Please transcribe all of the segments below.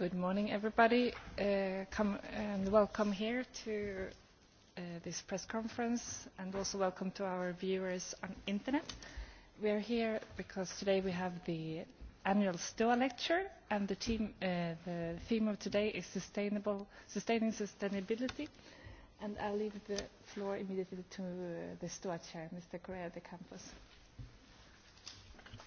Good morning, everybody. Uh, come and welcome here to uh, this press conference, and also welcome to our viewers on internet. We are here because today we have the annual STOA lecture, and the, team, uh, the theme of today is sustainable, sustaining sustainability. And I'll leave the floor immediately to uh, the STOA chair, Mr. Correa de Campos.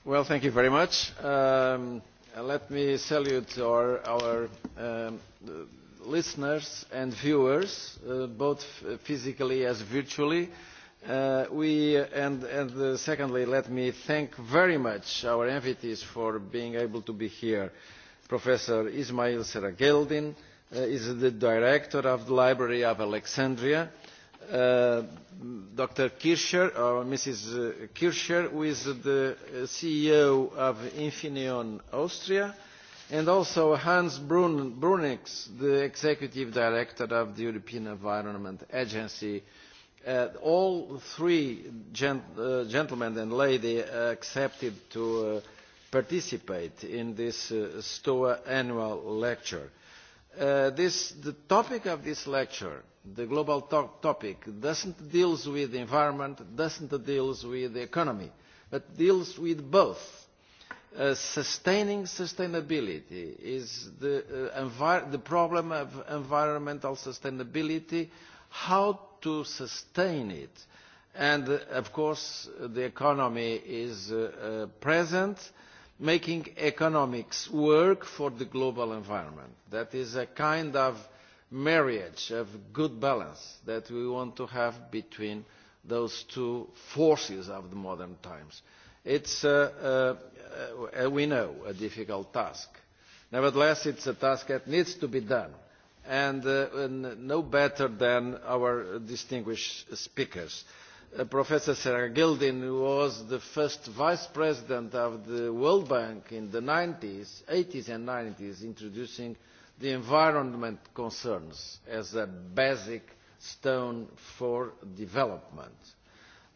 Well, thank you very much. Um, let me salute our, our um, listeners and viewers, uh, both physically as virtually. Uh, we, and, and uh, secondly, let me thank very much our entities for being able to be here. Professor Ismail Serageldin uh, is the director of the Library of Alexandria Uh, Dr. Kircher, or uh, Mrs. Uh, Kircher, who is the uh, CEO of Infineon Austria, and also Hans Brun Brunix, the Executive Director of the European Environment Agency. Uh, all three gent uh, gentlemen and lady accepted to uh, participate in this uh, STOA annual lecture. Uh, this, the topic of this lecture the global to topic doesn't deal with the environment, doesn't deal with the economy, but deals with both. Uh, sustaining sustainability is the, uh, the problem of environmental sustainability, how to sustain it. And, uh, of course, the economy is uh, uh, present, making economics work for the global environment. That is a kind of uh, marriage of good balance that we want to have between those two forces of the modern times. It's, uh, uh, uh, we know, a difficult task. Nevertheless, it's a task that needs to be done, and, uh, and no better than our distinguished speakers. Uh, Professor Sarah Gildin was the first vice president of the World Bank in the 90s, 80s and 90s, introducing uh, the environment concerns as a basic stone for development.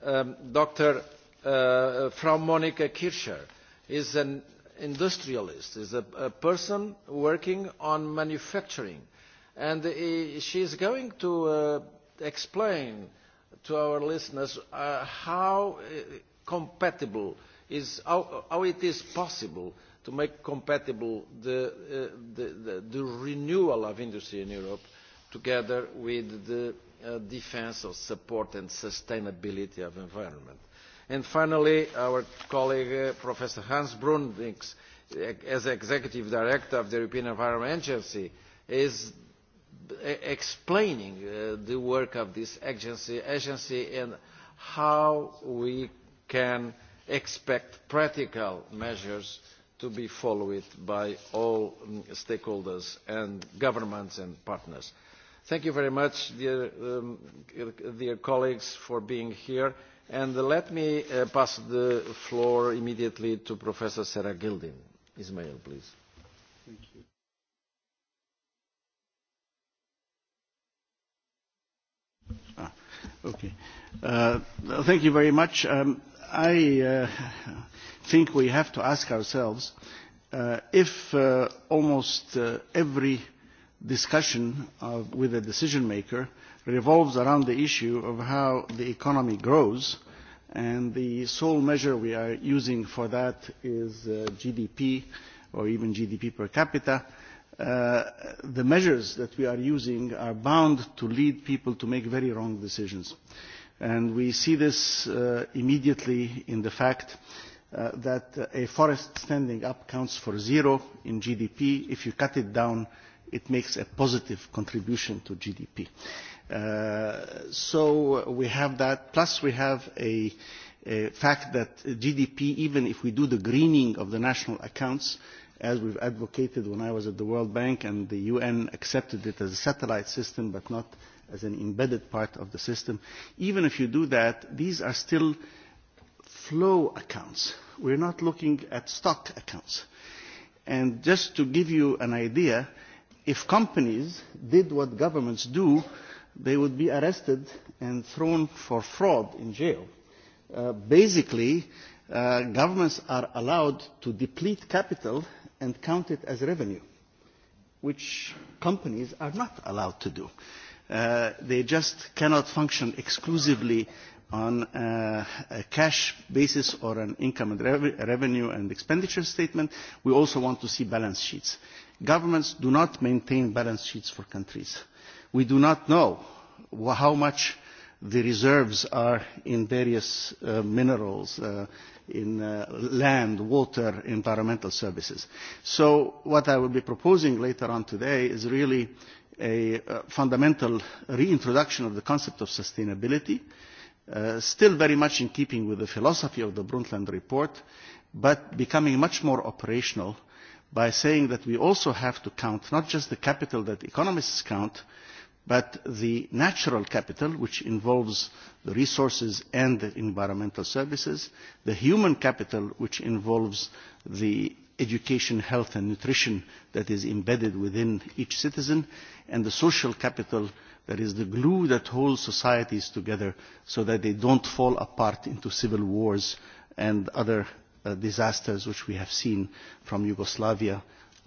Um, Dr. Uh, Frau Monika Kircher is an industrialist, is a, a person working on manufacturing. And he, she is going to uh, explain to our listeners uh, how uh, compatible is, how, how it is possible uh, to make compatible the, uh, the, the, the renewal of industry in Europe together with the uh, defense of support and sustainability of environment. And finally, our colleague uh, Professor Hans Brundings, as Executive Director of the European Environment Agency, is uh, explaining uh, the work of this agency, agency and how we can expect practical measures uh, to be followed by all mm, stakeholders and governments and partners. Thank you very much, dear, um, dear colleagues, for being here. And let me uh, pass the floor immediately to Professor Sarah Gildin. Ismail, please. Thank you. Ah, okay. Uh, thank you very much. Um, I uh, think we have to ask ourselves uh, if uh, almost uh, every discussion of, uh, with a decision maker revolves around the issue of how the economy grows, and the sole measure we are using for that is uh, GDP or even GDP per capita. Uh, the measures that we are using are bound to lead people to make very wrong decisions. And we see this uh, immediately in the fact uh, uh, that a forest standing up counts for zero in GDP. If you cut it down, it makes a positive contribution to GDP. Uh, so we have that, plus we have a, a fact that GDP, even if we do the greening of the national accounts, as we've advocated when I was at the World Bank and the UN accepted it as a satellite system but not as an embedded part of the system, even if you do that, these are still uh, flow accounts. We're not looking at stock accounts. And just to give you an idea, if companies did what governments do, they would be arrested and thrown for fraud in jail. Uh, basically, uh, governments are allowed to deplete capital and count it as revenue, which companies are not allowed to do. Uh, they just cannot function exclusively on uh, a cash basis or an income and rev revenue and expenditure statement. We also want to see balance sheets. Governments do not maintain balance sheets for countries. We do not know how much the reserves are in various uh, minerals, uh, in uh, land, water, environmental services. So what I will be proposing later on today is really a uh, fundamental reintroduction of the concept of sustainability uh, uh, still very much in keeping with the philosophy of the Brundtland report, but becoming much more operational by saying that we also have to count not just the capital that economists count, but the natural capital, which involves the resources and the environmental services, the human capital, which involves the education, health and nutrition that is embedded within each citizen, and the social capital that is the glue that holds societies together so that they don't fall apart into civil wars and other uh, disasters which we have seen from Yugoslavia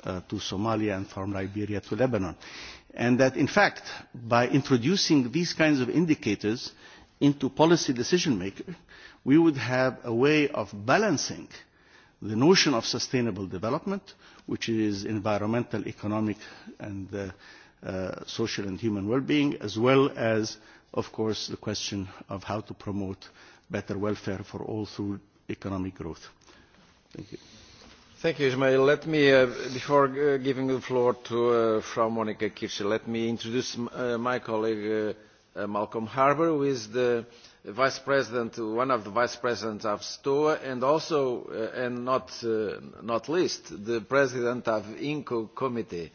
uh, to Somalia and from Liberia to Lebanon. And that, in fact, by introducing these kinds of indicators into policy decision-making, we would have a way of balancing uh, the notion of sustainable development, which is environmental, economic, and uh, uh, social and human well-being, as well as, of course, the question of how to promote better welfare for all through economic growth. Thank you. Thank you, Ismail. Let me, uh, before uh, giving the floor to uh, Frau Monika Kircher, let me introduce uh, my colleague uh, uh, Malcolm Harbour, who is the uh, vice president, one of the vice presidents of STOA, and also, uh, and not, uh, not least, the president of INCO committee.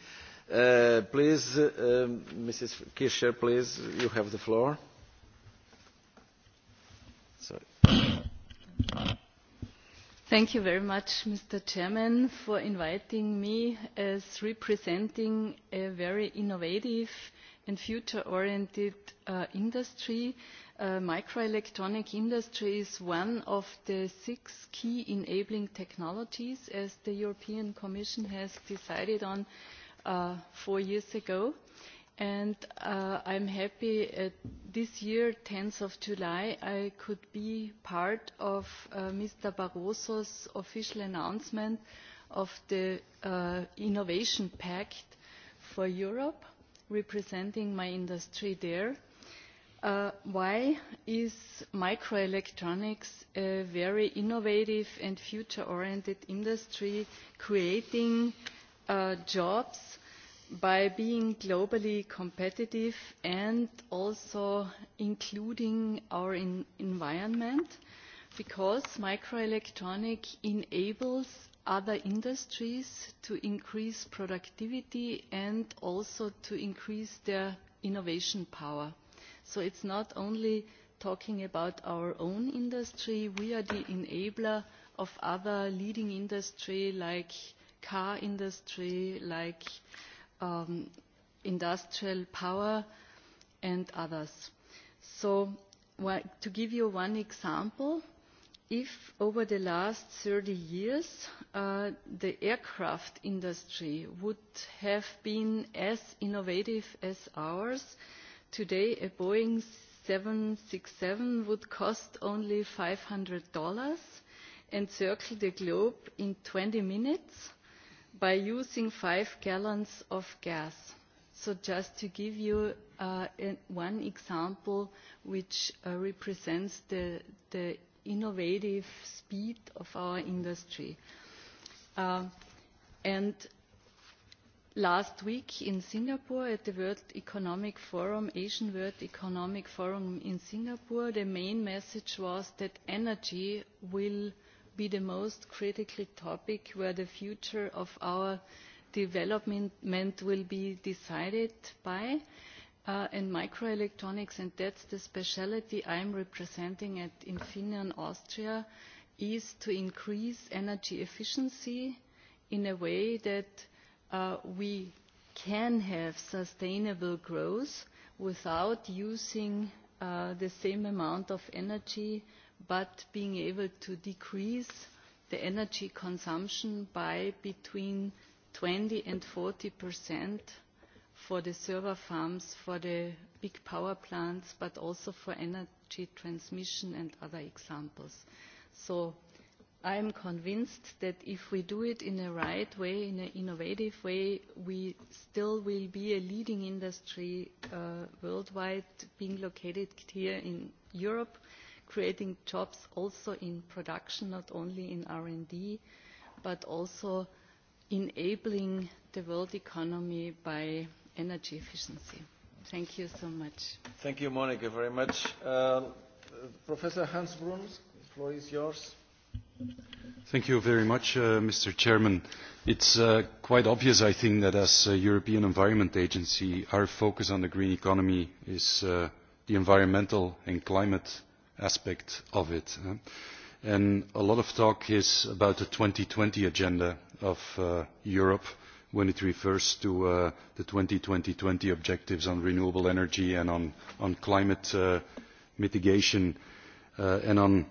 Uh, please, uh, um, uh, Mrs. Kircher, please, you have the floor. Sorry. Thank you very much, Mr. Chairman, for inviting me as representing a very innovative and future-oriented uh, industry. Uh, Uh, microelectronic industry is one of the six key enabling technologies as the European Commission has decided on uh, four years ago. And uh, I'm happy at uh, this year, 10th of July, I could be part of uh, Mr. Barroso's official announcement of the uh, Innovation Pact for Europe, representing my industry there Uh, why is microelectronics a very innovative and future oriented industry creating uh, jobs by being globally competitive and also including our in environment? Because microelectronics enables other industries to increase productivity and also to increase their innovation power so it is not only talking about our own industry we are the enabler of other leading industry like car industry like um, industrial power and others. So to give you one example, if over the last 30 years uh, the aircraft industry would have been as innovative as ours, uh, today a Boeing 767 would cost only $500 and circle the globe in 20 minutes by using five gallons of gas. So just to give you uh, an, one example which uh, represents the, the innovative speed of our industry. Uh, and last week in singapore at the world economic forum asian world economic forum in singapore the main message was that energy will be the most critical topic where the future of our development will be decided by uh, and microelectronics and that's the speciality i'm representing at infineon austria is to increase energy efficiency in a way that uh, we can have sustainable growth without using uh, the same amount of energy but being able to decrease the energy consumption by between 20 and 40 percent for the server farms, for the big power plants, but also for energy transmission and other examples. So I am convinced that if we do it in a right way, in an innovative way, we still will be a leading industry uh, worldwide, being located here in Europe, creating jobs also in production, not only in R&D, but also enabling the world economy by energy efficiency. Thank you so much. Thank you, Monica, very much. Uh, Professor Hans Bruns, the floor is yours. Thank you very much, uh, Mr. Chairman. It's uh, quite obvious, I think, that as a European Environment Agency, our focus on the green economy is uh, the environmental and climate aspect of it. Huh? And a lot of talk is about the 2020 agenda of uh, Europe when it refers to uh, the 2020 objectives on renewable energy and on, on climate uh, mitigation uh, and on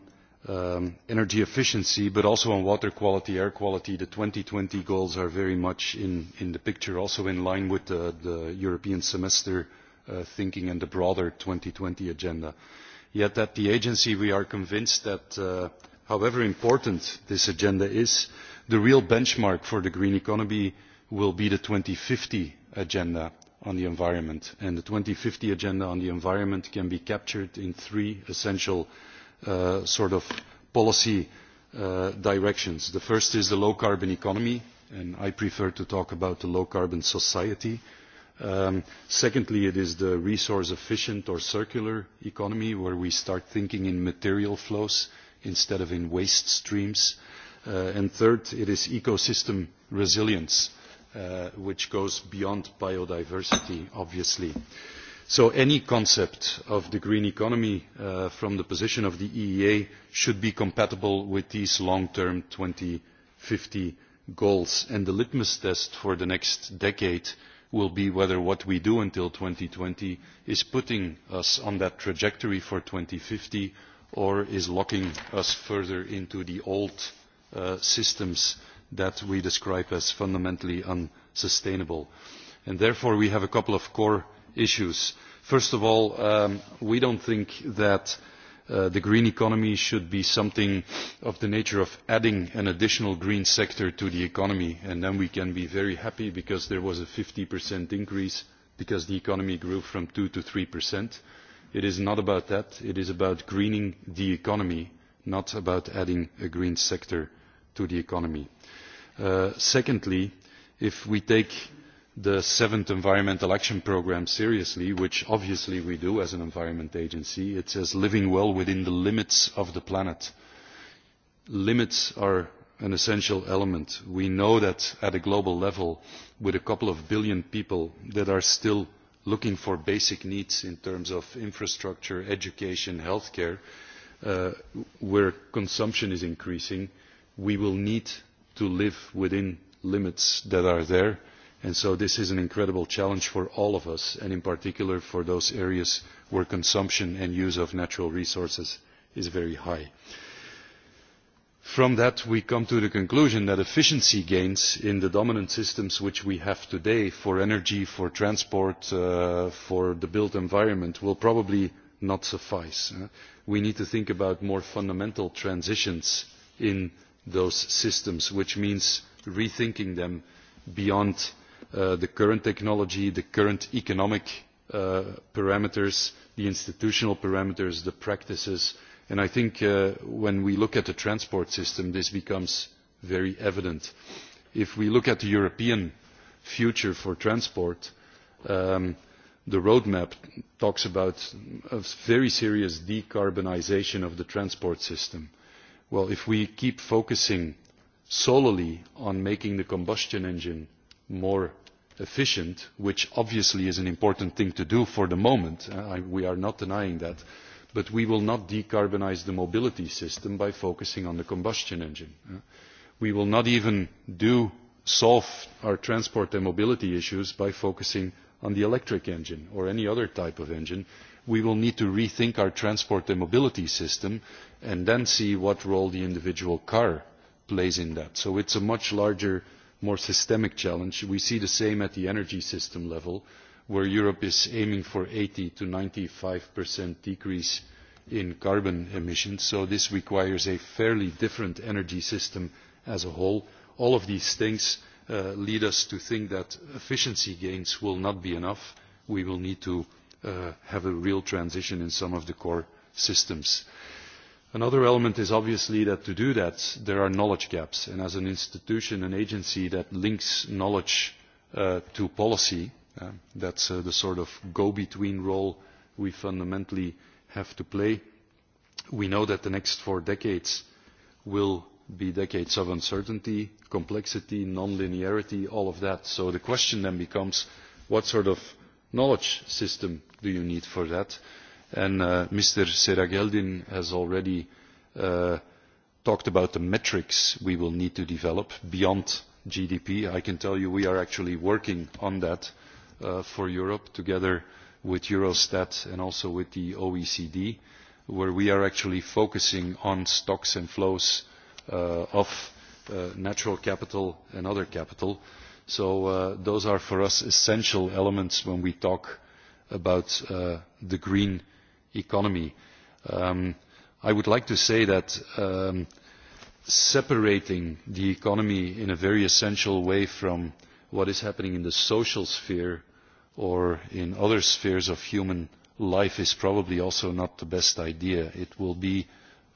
um, energy efficiency, but also on water quality, air quality. The 2020 goals are very much in, in the picture, also in line with the, the European semester uh, thinking and the broader 2020 agenda. Yet at the agency we are convinced that uh, however important this agenda is, the real benchmark for the green economy will be the 2050 agenda on the environment. And the 2050 agenda on the environment can be captured in three essential areas uh, sort of policy uh, directions. The first is the low carbon economy, and I prefer to talk about the low carbon society. Um, secondly, it is the resource efficient or circular economy, where we start thinking in material flows instead of in waste streams. Uh, and third, it is ecosystem resilience, uh, which goes beyond biodiversity, obviously. Uh, so any concept of the green economy uh, from the position of the eea should be compatible with these long term two thousand and fifty goals and the litmus test for the next decade will be whether what we do until two thousand and twenty is putting us on that trajectory for two thousand and fifty or is locking us further into the old uh, systems that we describe as fundamentally unsustainable. And therefore we have a couple of core issues. First of all, um, we don't think that uh, the green economy should be something of the nature of adding an additional green sector to the economy, and then we can be very happy because there was a 50% increase because the economy grew from 2 to 3%. It is not about that. It is about greening the economy, not about adding a green sector to the economy. Uh, secondly, if we take the seventh environmental action programme seriously which obviously we do as an environment agency it says living well within the limits of the planet. limits are an essential element. we know that at a global level with a couple of billion people that are still looking for basic needs in terms of infrastructure education healthcare uh, where consumption is increasing we will need to live within limits that are there And so this is an incredible challenge for all of us, and in particular for those areas where consumption and use of natural resources is very high. From that, we come to the conclusion that efficiency gains in the dominant systems which we have today for energy, for transport, uh, for the built environment will probably not suffice. Uh, we need to think about more fundamental transitions in those systems, which means rethinking them beyond uh, uh, the current technology, the current economic uh, parameters, the institutional parameters, the practices. And I think uh, when we look at the transport system, this becomes very evident. If we look at the European future for transport, um, the roadmap talks about a very serious decarbonisation of the transport system. Well, if we keep focusing solely on making the combustion engine more efficient, which obviously is an important thing to do for the moment. Uh, I, we are not denying that. But we will not decarbonize the mobility system by focusing on the combustion engine. Uh, we will not even do solve our transport and mobility issues by focusing on the electric engine or any other type of engine. We will need to rethink our transport and mobility system and then see what role the individual car plays in that. So it's a much larger uh, more systemic challenge. We see the same at the energy system level, where Europe is aiming for 80 to 95% decrease in carbon emissions. So this requires a fairly different energy system as a whole. All of these things uh, lead us to think that efficiency gains will not be enough. We will need to uh, have a real transition in some of the core systems another element is obviously that to do that there are knowledge gaps and as an institution an agency that links knowledge uh, to policy uh, that's uh, the sort of go between role we fundamentally have to play we know that the next four decades will be decades of uncertainty complexity non linearity all of that so the question then becomes what sort of knowledge system do you need for that? And uh, Mr. Serageldin has already uh, talked about the metrics we will need to develop beyond GDP. I can tell you we are actually working on that uh, for Europe together with Eurostat and also with the OECD, where we are actually focusing on stocks and flows uh, of uh, natural capital and other capital. So uh, those are for us essential elements when we talk about uh, the green economy economy. Um, I would like to say that um, separating the economy in a very essential way from what is happening in the social sphere or in other spheres of human life is probably also not the best idea. It will be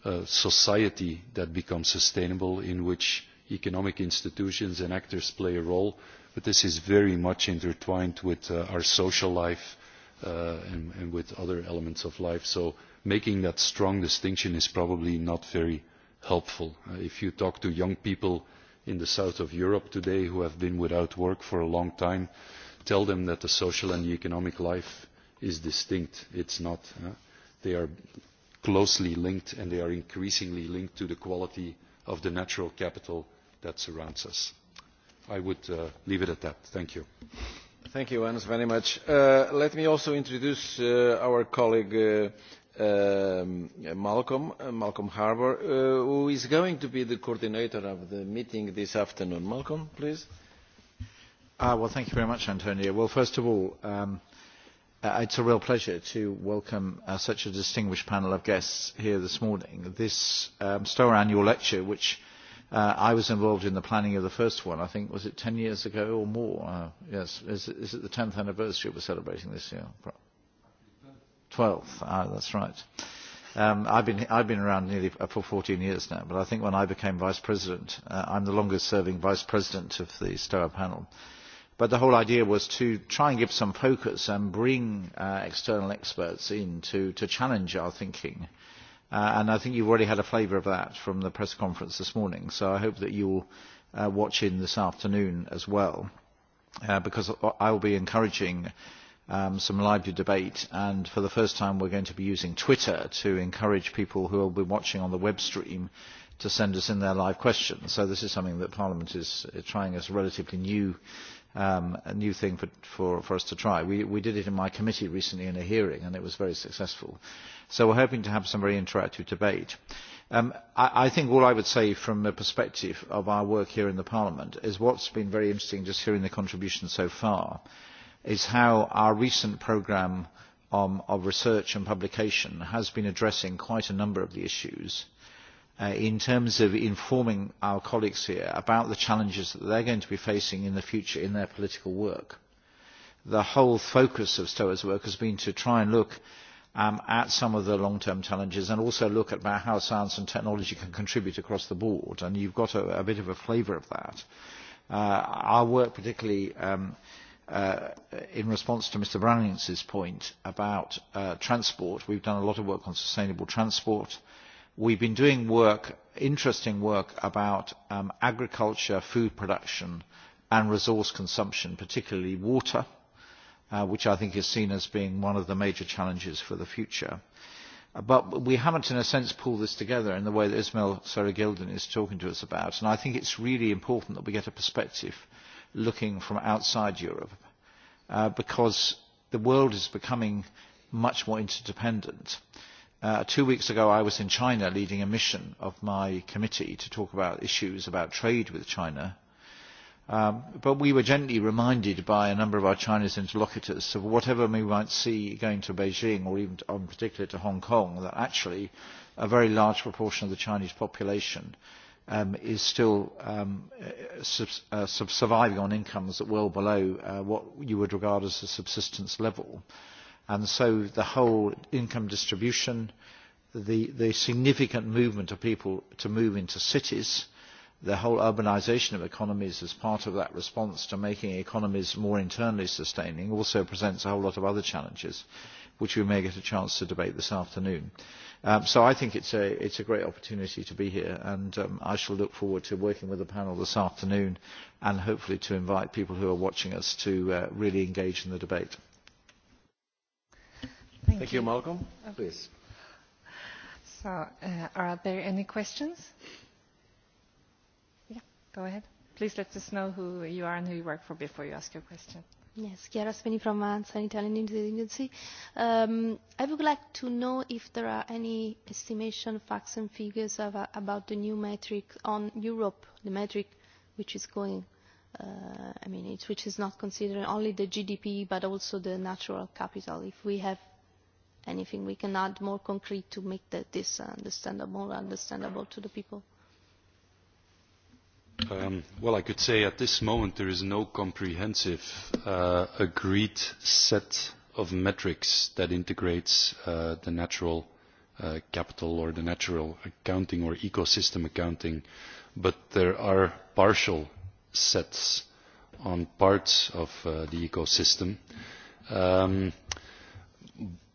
a society that becomes sustainable in which economic institutions and actors play a role, but this is very much intertwined with uh, our social life uh, and, and with other elements of life. So making that strong distinction is probably not very helpful. Uh, if you talk to young people in the south of Europe today who have been without work for a long time, tell them that the social and the economic life is distinct. It's not. Uh, they are closely linked and they are increasingly linked to the quality of the natural capital that surrounds us. I would uh, leave it at that. Thank you. Thank you, Hans, very much. Uh, let me also introduce uh, our colleague uh, um, Malcolm, uh, Malcolm Harbour, uh, who is going to be the coordinator of the meeting this afternoon. Malcolm, please. Uh, well, thank you very much, Antonio. Well, first of all, um, uh, it's a real pleasure to welcome uh, such a distinguished panel of guests here this morning. This um, STOA annual lecture, which Uh, I was involved in the planning of the first one, I think, was it 10 years ago or more? Uh, yes, is, is it the 10th anniversary we're celebrating this year? 12th, ah, that's right. Um, I've, been, I've been around nearly uh, for 14 years now, but I think when I became vice president, uh, I'm the longest serving vice president of the STOA panel. But the whole idea was to try and give some focus and bring uh, external experts in to, to challenge our thinking uh, Uh, and I think you've already had a flavour of that from the press conference this morning. So I hope that you'll uh, watch in this afternoon as well, uh, because I will be encouraging um, some lively debate. And for the first time, we're going to be using Twitter to encourage people who will be watching on the web stream to send us in their live questions. So this is something that Parliament is trying as a relatively new uh, um, a new thing for, for, for us to try. We, we did it in my committee recently in a hearing, and it was very successful. So we're hoping to have some very interactive debate. Um, I, I think all I would say from the perspective of our work here in the Parliament is what's been very interesting just hearing the contribution so far is how our recent programme um, of research and publication has been addressing quite a number of the issues uh, uh, in terms of informing our colleagues here about the challenges that they're going to be facing in the future in their political work. The whole focus of STOA's work has been to try and look um, at some of the long-term challenges and also look at about how science and technology can contribute across the board. And you've got a, a bit of a flavour of that. Uh, our work particularly um, uh, in response to Mr Brownings' point about uh, transport, we've done a lot of work on sustainable transport. Uh, we have been doing work, interesting work about um, agriculture, food production and resource consumption, particularly water, uh, which I think is seen as being one of the major challenges for the future. Uh, but we haven't, in a sense, pulled this together in the way that Ismail Saragildan is talking to us about. And I think it's really important that we get a perspective looking from outside Europe, uh, because the world is becoming much more interdependent. Uh, Uh, two weeks ago, I was in China leading a mission of my committee to talk about issues about trade with China. Um, but we were gently reminded by a number of our Chinese interlocutors of whatever we might see going to Beijing or even to, in particular to Hong Kong, that actually a very large proportion of the Chinese population um, is still um, uh, sub, uh, sub surviving on incomes that well below uh, what you would regard as a subsistence level. Uh, and so the whole income distribution, the, the significant movement of people to move into cities, the whole urbanisation of economies as part of that response to making economies more internally sustaining also presents a whole lot of other challenges, which we may get a chance to debate this afternoon. Um, so I think it's a, it's a great opportunity to be here, and um, I shall look forward to working with the panel this afternoon and hopefully to invite people who are watching us to uh, really engage in the debate. Thank, Thank you. you, Malcolm. Okay. Please. So, uh, are there any questions? Yeah, go ahead. Please let us know who you are and who you work for before you ask your question. Yes, Chiara Spini from ANSA, an Italian news agency. Um, I would like to know if there are any estimation, facts and figures of, uh, about the new metric on Europe, the metric which is going, uh, I mean, it, which is not considering only the GDP but also the natural capital, if we have anything we can add more concrete to make the, this understandable, more understandable to the people? Um, well, I could say at this moment there is no comprehensive uh, agreed set of metrics that integrates uh, the natural uh, capital or the natural accounting or ecosystem accounting, but there are partial sets on parts of uh, the ecosystem. Um, uh,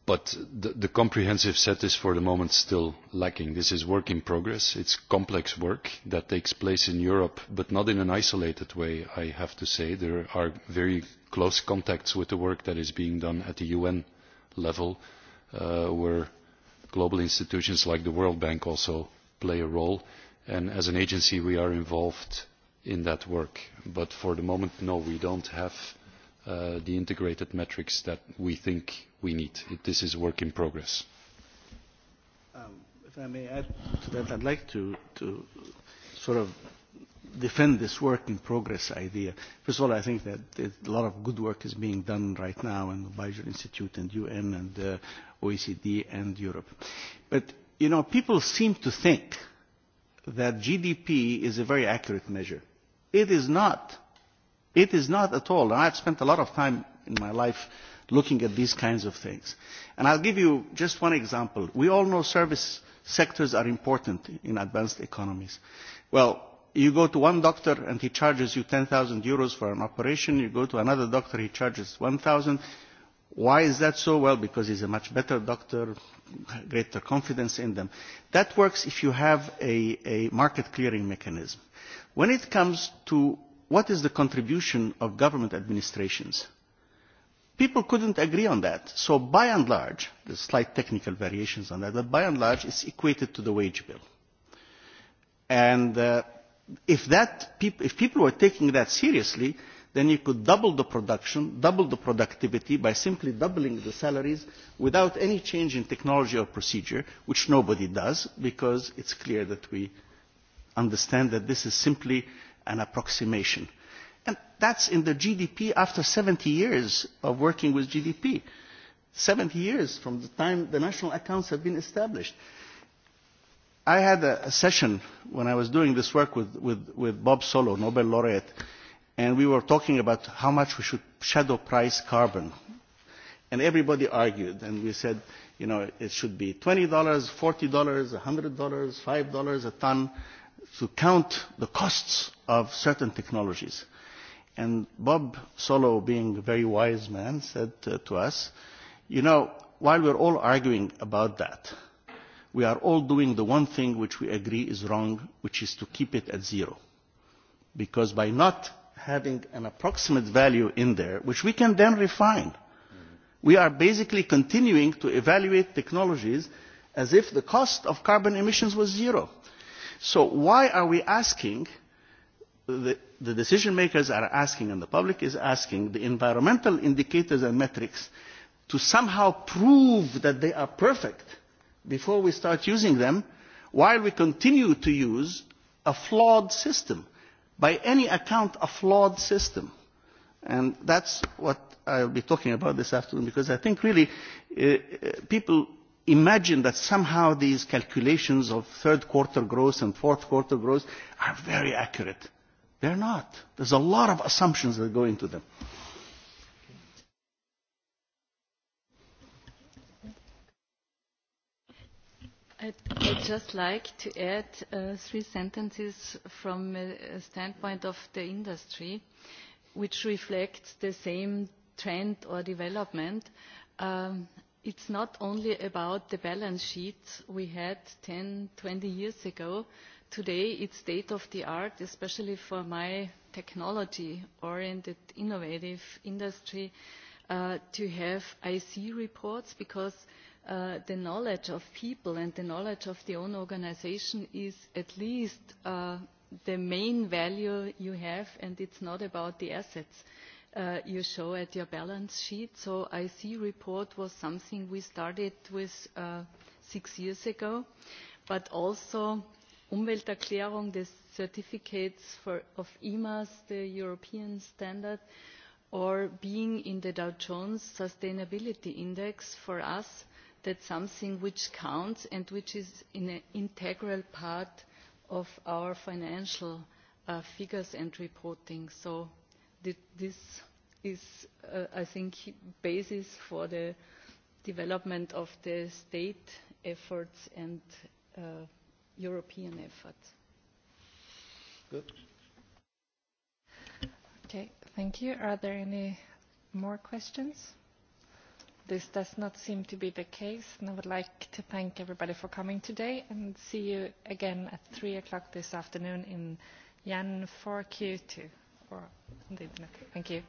but the, the comprehensive set is for the moment still lacking. This is work in progress. It's complex work that takes place in Europe, but not in an isolated way, I have to say. There are very close contacts with the work that is being done at the UN level, uh, where global institutions like the World Bank also play a role. And as an agency, we are involved in that work. But for the moment, no, we don't have uh, the integrated metrics that we think we need. It, this is a work in progress. Um, if I may add to that, I'd like to, to sort of defend this work in progress idea. First of all, I think that it, a lot of good work is being done right now in the Bajor Institute and UN and uh, OECD and Europe. But, you know, people seem to think that GDP is a very accurate measure. It is not. It is not at all. And I've spent a lot of time in my life looking at these kinds of things. And I'll give you just one example. We all know service sectors are important in advanced economies. Well, you go to one doctor and he charges you 10,000 euros for an operation. You go to another doctor, he charges 1,000. Why is that so? Well, because he's a much better doctor, greater confidence in them. That works if you have a, a market clearing mechanism. When it comes to what is the contribution of government administrations, uh, people could not agree on that so by and large there are slight technical variations on that but by and large it is equated to the wage bill. and uh, if, that, if people were taking that seriously then you could double the production double the productivity by simply doubling the salaries without any change in technology or procedure which nobody does because it is clear that we understand that this is simply an approximation. That's in the GDP after 70 years of working with GDP. 70 years from the time the national accounts have been established. I had a, a session when I was doing this work with, with, with Bob Solow, Nobel laureate, and we were talking about how much we should shadow price carbon. And everybody argued, and we said, you know, it should be $20, $40, $100, $5 a ton to count the costs of certain technologies. And Bob Solow, being a very wise man, said uh, to us, you know, while we're all arguing about that, we are all doing the one thing which we agree is wrong, which is to keep it at zero. Because by not having an approximate value in there, which we can then refine, mm -hmm. we are basically continuing to evaluate technologies as if the cost of carbon emissions was zero. So why are we asking – the, the decision makers are asking and the public is asking the environmental indicators and metrics to somehow prove that they are perfect before we start using them while we continue to use a flawed system by any account a flawed system and that's what I'll be talking about this afternoon because I think really uh, uh people imagine that somehow these calculations of third quarter growth and fourth quarter growth are very accurate They're not. There's a lot of assumptions that go into them. I'd, I'd just like to add uh, three sentences from a standpoint of the industry, which reflects the same trend or development. Um, it's not only about the balance sheets we had 10, 20 years ago, uh, today it's state of the art, especially for my technology-oriented, innovative industry, uh, to have IC reports because uh, the knowledge of people and the knowledge of the own organization is at least uh, the main value you have and it's not about the assets uh, you show at your balance sheet. So IC report was something we started with uh, six years ago, but also umwelterklärung des certificates for, of emas the european standard or being in the dow jones sustainability index for us that is something which counts and which is an integral part of our financial uh, figures and reporting. So th this is, uh, I think, basis for the development of the state efforts and uh, European effort. Good. Okay, thank you. Are there any more questions? This does not seem to be the case, and I would like to thank everybody for coming today and see you again at 3 o'clock this afternoon in Jan 4Q2 or on the internet. Thank you.